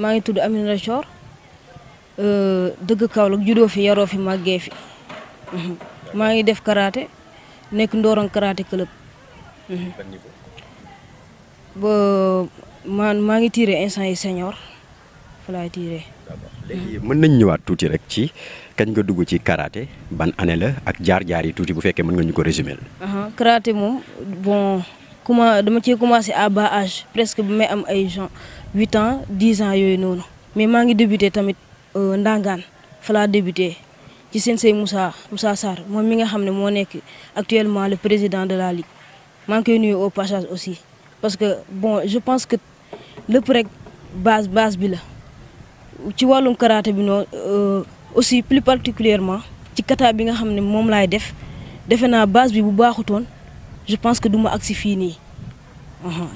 maa ngi tudd Amina Thior euh, dëgg judo, judo fi yaro fi magge fi mangi def karate, nek Ndorong karate club bo man mangi ngi tiré instant yi senior fa laay tiré léegi mën nañ ñëwaat tuuti rek ci kañ nga dugg ci karaté ban année la ak jaar-jaar yi tuuti bu fekkee mën nga ñu ko résumer karaté mom bon comment dama cee commencé à bas âge presque bu may am ay gens huit ans dix ans yoy non mais mangi ngi débuté tamit euh ndangan fala débuté ci seen say Moussa Moussa sar moom mi nga xamné mo nek actuellement le président de la ligue maa ngi koy au passage aussi parce que bon je pense que le rek base base bi la ci walum karaté bi euh aussi plus particulièrement ci kata bi nga xamné mom lay def defe naa base bi bu baaxutoon je pense que du aksi fini.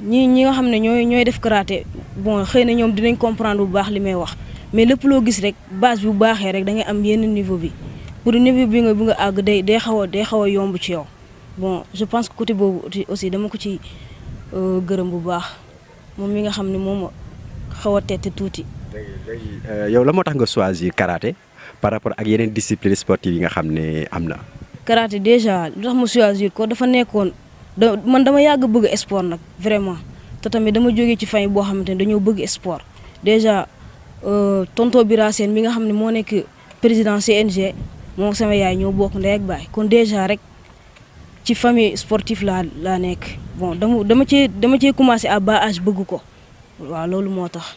Ni ni ñi ñi nga xamné ñoy ñoy def karaté bon xeyna ñom dinañ comprendre bu baax limay wax mais lepp lo gis rek base bu baaxé rek da am niveau bi pour niveau bi nga nga yomb ci bon je pense que côté aussi dama ko ci euh, bu baax mi nga euh, la motax nga choisir karaté par rapport ak yeneen discipline sportive nga karaté dèjà lu tax ma choisir ko dafa nekkoon da man dama yàgg bëgg sport nag vraiment te tamit dama jógee ci famille boo xamante ne dañoo bëgg sport dèjà euh, tonto Bira Sène mi nga xam ne moo nekk président CNG moo sama yaay ñoo bokk ndey ak baay kon dèjà rek ci famille sportif laa laa nekk bon dama dama cee dama cee commencé à baage âge bëgg ko waaw loolu moo tax.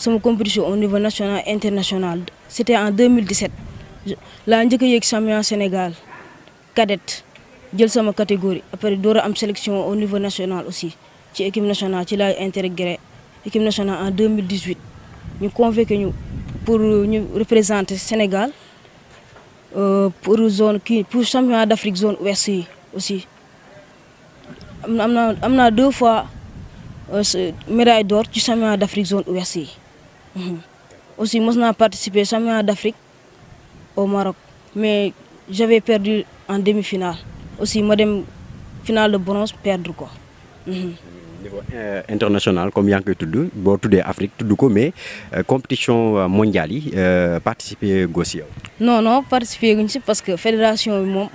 Sommes compétition au niveau national international c'était en 2017 laa njëkk eu champion Sénégal cadette eu ma catégorie après j'ai eu une sélection au niveau national aussi ci équipe nationale ci laay intégré équipe nationale en 2018 Nous convoqué nous pour nous représenter Sénégal euh, pour zone pour championnat d'Afrique zone ouest aussi Amn'a deux fois euh, médaille d'or du championnat d'Afrique zone ouest aussi, moi, j'ai participé au championnat d'Afrique au Maroc. Mais j'avais perdu en demi-finale. Aussi, madame, finale de bronze, perdre quoi. niveau euh, international comme tout le deux bon Afrique ko mais euh, compétition euh, mondiale euh, participer participé non non participer parce que fédération a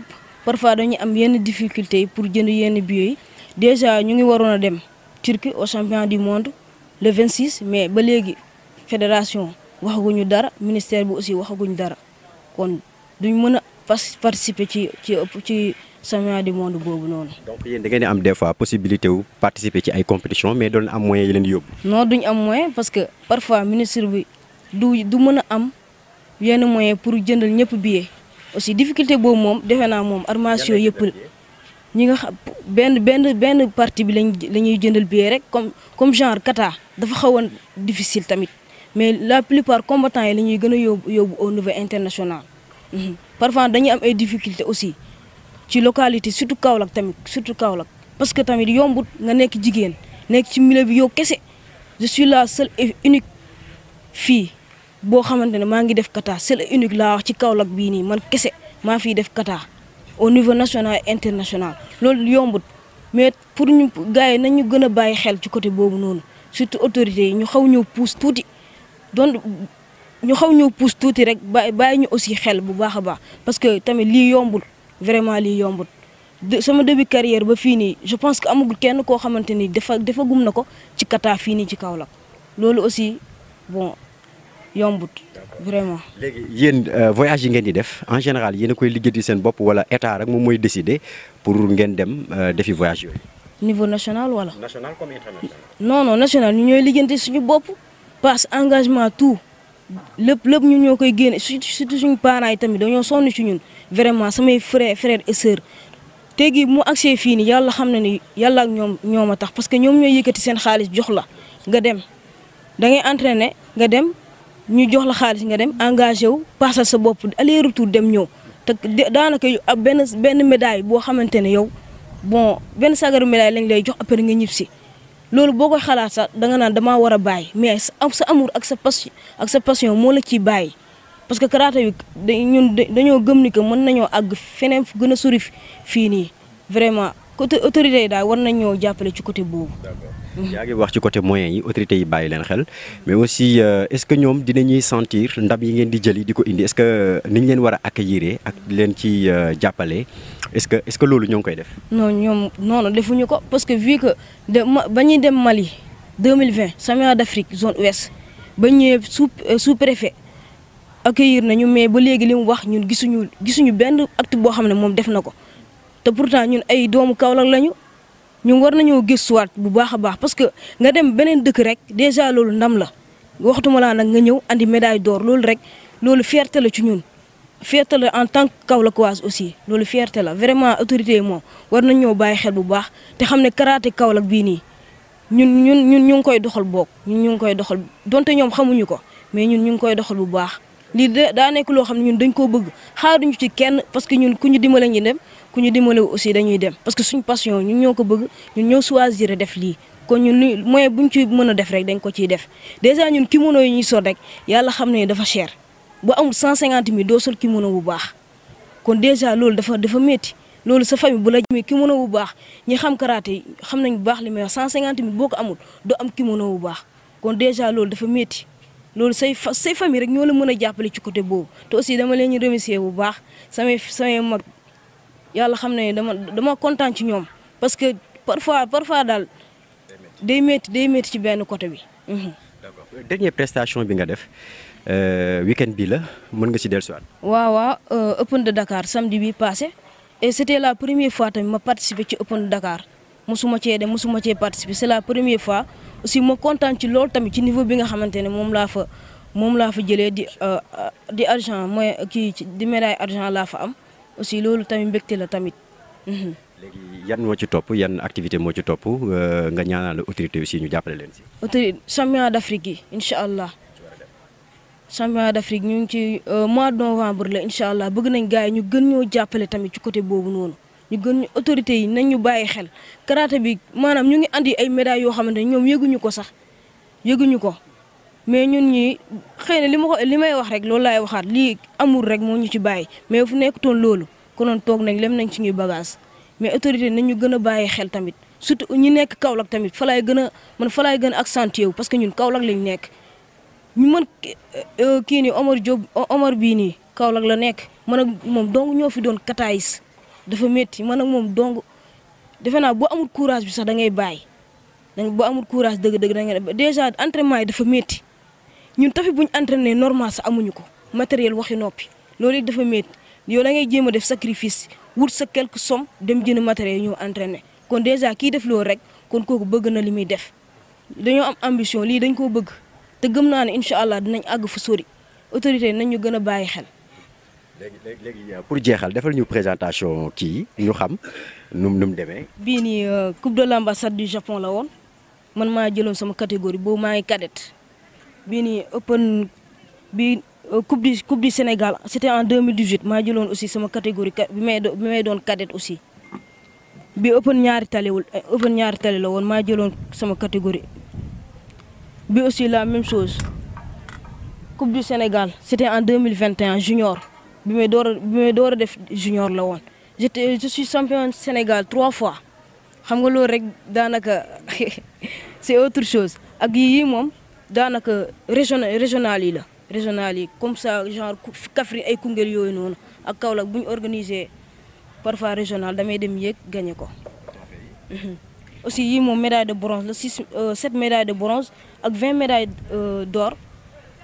parfois dañuy am difficulté pour gagner des billets déjà nous avons waroon Turquie au championnat du monde le 26 mais ba fédération waxaguñu dara ministère bi aussi waxaguñu dara kon duñ mën participer ci ci ci championnat du monde bobu non. donc yéen da ngay am des fois possibilité wu participer ci ay compétition mais doñ am moyen yi yob non duñ am moyen parce que parfois ministère bi du du mën am yenn moyen pour jëndal ñëpp billet aussi difficulté bobu mom defe naa moom armation yëpp ñi nga ben ben benn partie bi lañ la jëndal billet rek comme comme genre kata dafa xawoon difficile tamit. mais la part combatant yi la ñuy gën a yóbbu yóbbu au niveau international. Mhm. parfois dañuy am ay difficultés aussi ci localité surtout Kaolack tamit surtout Kaolack parce que tamit yombut nga nekk jigéen nekk ci milieu bi yow kese je suis la seule unique fille boo xamante ne maa ngi def kata seule unique laa ci Kaolack bii nii man kese maa fi def kata au niveau national international loolu yombut mais pour ñu gars yi nañu gën a bàyyi xel ci côté boobu noonu surtout autorités yi ñu xaw ñëw pousse tuuti. don ñu xaw ñoo pousse tuuti rek ba ñu aussi xel bu baax baax parce que tamit lii yombul vraiment lii yombul sama début carrière ba fini je pense que amagul kenn koo xamante ni dafa dafa gum na ko ci kata fii nii ci Kaolack loolu aussi bon yombut vraiment. léegi yéen euh, voyage yi di def en général yéen a koy liggéey seen bop wala état rek moom mooy décider pour ngeen dem euh, defi voyage niveau national wala. national comme international. non non national ñu ñooy liggéeyante suñu bop passe engagement tout lépp lépp ñun ñoo koy génne surtout suñu parents yi tamit dañoo sonn ci ñun vraiment samay frère frère et sœur tey jii mu agsee fii nii yàlla xam na ni yàlla ak ñoom ñoom a tax parce que ñoom ñooy yëkkati seen xaalis jox la nga dem da ngay entraîner nga dem ñu jox la xaalis nga dem engagé wu passal sa bopp aller retour dem ñëw te daanaka ab benn benn médaille boo xamante ne yow bon benn sagaru médaille lañ lay jox après nga ñib si loolu boo koy xalaat sax danga naan damaa war a bàyyi mais sa amour ak sa passion ak sa passion moo la ciy bàyyi parce que karaté bi ñun dañoo gëm ni que mën nañoo àgg feneen fu gën a sori fii nii vraiment côté autorité yi daal war nañ ñoo jàppale ci côté boobu. yaa ngi wax ci côté moyen yi autorité yi bàyyi leen xel mais aussi euh, est-ce que ñom dinañuy sentir ndam yi ngeen di jëli di ko indi est-ce que euh, niñ leen wara accueillir ak leen ci euh, jappalé est-ce que est-ce que lolu ñong koy def. non ñom noonu defuñu ko parce que vu que de dem Mali 2020 championnat d'Afrique zone ouest ba ñëwee sous préfet accueillir nañu mais ba légui limu wax ñun gisuñu gisuñu benn acte bo xam mom def nako te pourtant ñun ay doomu Kaolack lañu. ñun war nañoo gëstuwaat bu baax a baax parce que nga dem beneen dëkk rek déjà loolu ndam la waxtuma laa nag nga ñëw andi médaille door loolu rek loolu fierté la ci ñun fierté la en tant que Kaolackoise aussi loolu fierté la vraiment autorité yi moom war nañ ñoo bàyyi xel bu baax te xam ne karaté Kaolack bii nii ñun ñun ñun ñu ngi koy doxal boog ñun ñu ngi koy doxal donte ñoom xamuñu ko mais ñun ñu ngi koy doxal bu baax lii daa nekk loo xam ne ñun dañ koo bëgg xaaruñu ci kenn parce que ñun ku ñu dimbale ñu dem ku ñu dimbalewu aussi dañuy dem parce que suñ passion ñun ñoo ko bëgg ñun ñoo choisir def lii kon ñun li moyen buñ ci mën a def rek dañ ko ciy def dèjà ñun kimono yi ñuy sol rek yàlla xam ne dafa cher bu amul 150 mille doo sol kimono bu baax kon dèjà loolu dafa dafa métti loolu sa famille bu la jëmee kimono bu baax ñi xam karaté xam nañ bu baax li may wax 150 mille boo ko amul doo am kimono bu baax kon dèjà loolu dafa métti loolu say fa say rek ñoo la mën a jàppale ci côté boobu te aussi dama leen remercier bu baax samay samay mag. yalla xam ne dama dama content ci ñom parce que parfois parfois dal day metti day metti ci ben côté bi. Mhm. d'accord dernière prestation bi nga def euh, week-end bi la mën nga ci wa wa euh Open de Dakar samedi bi passé et c'était la première fois tamit ma participer ci Open de Dakar mosuma cee dem mosuma cee participer c'est la première fois aussi ma content ci lool tamit ci niveau bi nga xamante mom la fa mom la fa jëlee di euh, euh di argent moy ki di médaille argent la fa am. aussi loolu tamit mbégte la tamit. Mhm. yan moo ci topp yan activité moo ci topp euh, nga ñaanal autorité aussi ñu jàppale leen si. autorité championnat d'Afrique yi incha allah championnat d'Afrique ñu ngi ci euh, mois de novembre la incha allah bëgg nañ gars ñu gën ñoo jàppale tamit ci côté boobu noonu ñu gën ñu autorité yi nañ ñu bàyyi xel karaté bi maanaam ñu ngi andi ay médailles yoo xamante ne ñoom yëguñu ko sax yëguñu ko. mais ñun ñi xëy na li ma ko li may wax rek loolu laay waxaat lii amul rek moo ñu ci bàyyi mais fu nekk nekkutoon loolu konoon toog nañ lem nañ ci suñuy bagage mais autorité nañ ñu gën a bàyyi xel tamit surtout ñi nekk Kaolack tamit fa laay gën a man falaay laay gën a accentué wu parce que ñun Kaolack lañ nekk ñu mën euh, euh, kii nii Omar Diop Omar bii nii Kaolack la nekk man ak moom dong ñoo fi doon kataayis dafa métti man ak moom dong defe naa boo amul courage bi sax da ngay bàyyi dañ boo amul courage dëgg-dëgg da ngay déjà entraînement yi dafa métti ñun tafi bu ñu entraîné normal sa amuñu ko matériel waxi nopi loolu dafa met yow da ngay jéem def sacrifice wut sa quelque somme dem jëne matériel ñu entraîné kon déjà ki def loolu rek kon kooku bëgg na limuy def dañu am ambition li dañ ko bëgg te gëm naa ne incha dinañ ag fu sori autorité nañu gëna gën a bàyyi xel. léegi euh, pour jéxal defal ñu présentation ki ñu xam num num démé bi ni euh, coupe de l'ambassade du Japon la won man ma jëloon sama catégorie bo maa cadette bii open bi euh, coupe du coupe du Sénégal c'était en 2018 ma jëlone aussi sama catégorie bi may bi may cadette aussi bi open ñaari taliwul euh, open ñaari tali la woon maa jëloon sama catégorie bi aussi la même chose coupe du Sénégal c'était en 2021 junior bi may door bi may door def junior la won j'étais je suis champion Sénégal trois fois xam nga loolu rek danaka c'est autre chose ak yi mom danaka régional régional yi la régional yi comme ça genre kafri ay Koungheul yoy non ak Kaolack bu ñu organiser parfois régional damay dem yek gagné ko. Mhm. aussi yi moom médaille de bronze la six 7 euh, médailles de bronze ak vingt médailles euh, d'or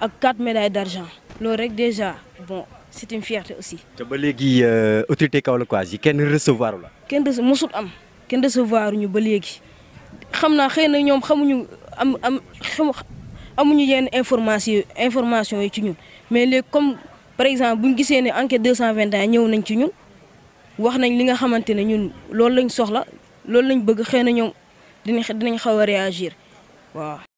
ak 4 médailles d'argent loolu rek déjà bon c'est une fierté aussi. te ba léegi euh, autorité kaolackoise yi kenn recevoir la. kenn musul am kenn recevoir ñu ba légui xamna xeyna ñom na ñoom xamuñu am am amuñu yenn information information yi ci ñun mais léegi comme par exemple bu ñu gisee ne enquête 221 ñëw nañ ci ñun wax nañ li nga xamante ne ñun loolu lañ soxla loolu lañ bëgg xëy na ñoom dinañ dinañ xaw a réagir